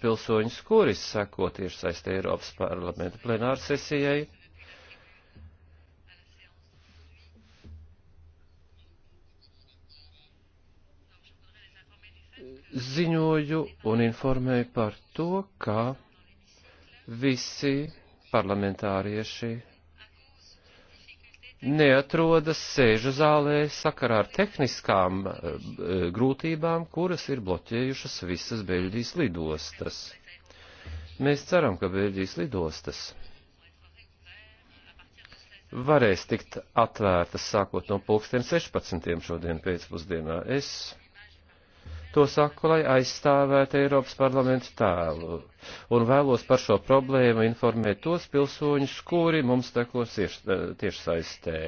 pilsoņus, kuri sako tieši saistē Eiropas parlamenta plenāru sesijai. Ziņoju un informēju par to, ka visi parlamentārieši neatrodas sēžu zālē sakarā ar tehniskām eh, eh, grūtībām, kuras ir bloķējušas visas Beļģijas lidostas. Mēs ceram, ka Beļģijas lidostas varēs tikt atvērtas sākot no pulkstiem 16. šodien pēcpusdienā. Es To saku, lai aizstāvētu Eiropas parlamentu tēlu, un vēlos par šo problēmu informēt tos pilsoņus, kuri mums tekos eh, tieši saistē.